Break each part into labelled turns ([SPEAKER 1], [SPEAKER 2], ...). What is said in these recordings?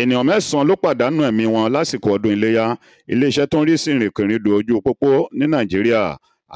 [SPEAKER 1] ènìyàn mẹ́sàn-án ló pàdánù ẹ̀mí wọn lásìkò ọdún iléyà iléeṣẹ́ tó ń rí sí ìrìnkèrindò ojú pópó ní nàìjíríà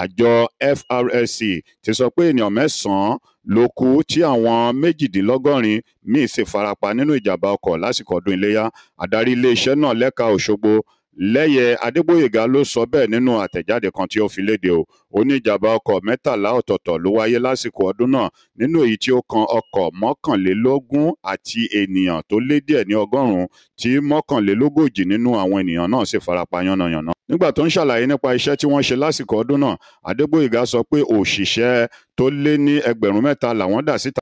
[SPEAKER 1] àjọ FRSC ti sọ pé ènìyàn mẹ́sàn-án ló kú tí àwọn méjìdínlọ́gọ́rin míì sì farapa nínú ìjàmbá ọkọ̀ lásìkò ọdún iléyà adarí iléeṣẹ́ náà lẹ́ka òṣogbo lẹ́yẹ adégbòyègà ló sọ bẹ́ẹ̀ nínú àtẹ̀jáde kan tí ó fi léde o ó ní ìjàmbá ọkọ̀ mẹ́tàlá ọ̀tọ̀ọ̀tọ̀ ló wáyé lásìkò ọdún náà nínú èyí tí ó kan ọkọ̀ mọ́kànlélógún àti ènìyàn tó lé díẹ̀ ní ọgọ́rùn-ún tí mọ́kànlélógójì nínú àwọn ènìyàn náà sì farapa yánnayànna. nígbà tó ń ṣàlàyé nípa iṣẹ́ tí wọ́n ṣe lásìkò ọdún náà adégbòyègà sọ pé òṣìṣẹ́ tó lé ní ẹgbẹ̀rún mẹ́ta làwọn dà síta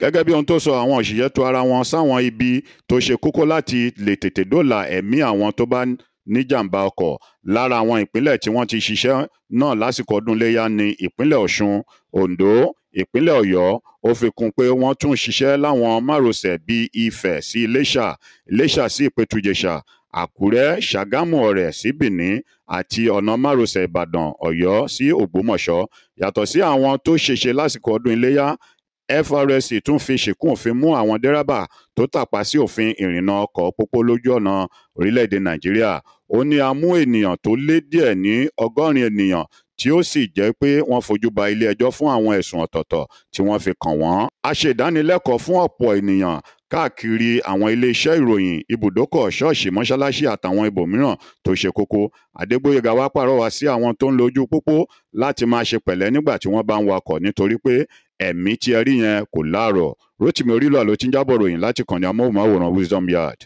[SPEAKER 1] gẹ́gẹ́ bí ohun tó sọ àwọn òṣìṣẹ́ tó ara wọn sáwọn ibi tó ṣe kókó láti lè tètè dóòlà ẹ̀mí àwọn tó bá níjàmbá ọkọ̀ lára àwọn ìpínlẹ̀ tí wọ́n ti ṣiṣẹ́ náà lásìkò ọdún iléyà ní ìpínlẹ̀ ọ̀ṣun ondo ìpínlẹ̀ ọ̀yọ́ ó fi kún pé wọ́n tún ṣiṣẹ́ láwọn márosẹ̀ bíi ifẹ̀ sí iléṣà iléṣà sí ìpẹ̀tùjẹ̀ṣà àkúrẹ́ ṣàgámù ọ̀rẹ́ sí benin àti ọ̀nà márosẹ̀ ìbàdàn ọ̀yọ́ sí ògbómọ̀ṣọ́ yàtọ̀ sí àwọn tó ṣèṣe lásìkò ọdún iléyà FRSC tún fi ṣìkún òfin mú àwọn dẹ́rẹ́bà tó tàpá sí òfin ìrìnnà ọkọ̀ pópó lójú ọ̀nà orílẹ̀-èdè Nàìjíríà ó ní a mú ènìyàn tó lé díẹ̀ ní ọgọ́rin ènìyàn tí ó sì jẹ́ pé wọ́n fojú ba ilé-ẹjọ́ fún àwọn ẹ̀sùn ọ̀tọ̀ọ̀tọ̀ tí wọ́n fi kàn wọ́n. a ṣe ìdánilẹ́kọ̀ọ́ fún ọ̀pọ̀ ènìyàn káàkiri àwọn iléeṣẹ́ ìròyìn ibùdókọ̀ ṣọ́ọ̀ṣì mọ́ṣáláṣí àtàwọn ibòmíràn tó ṣe kókó Adégbóyèga wá pàrọwà sí àwọn tó ń lo ojú pópó láti máa ṣe pẹ̀lẹ́ nígbà tí wọ́n bá ń wakọ̀ nítorí pé ẹ̀mí tí ẹ rí yẹn kò láàrọ̀ Rótìmí Orílọ̀ ló ti ń jábọ̀ ròyìn láti kàn ní amóhùnmáwòrán Wisdom Yard.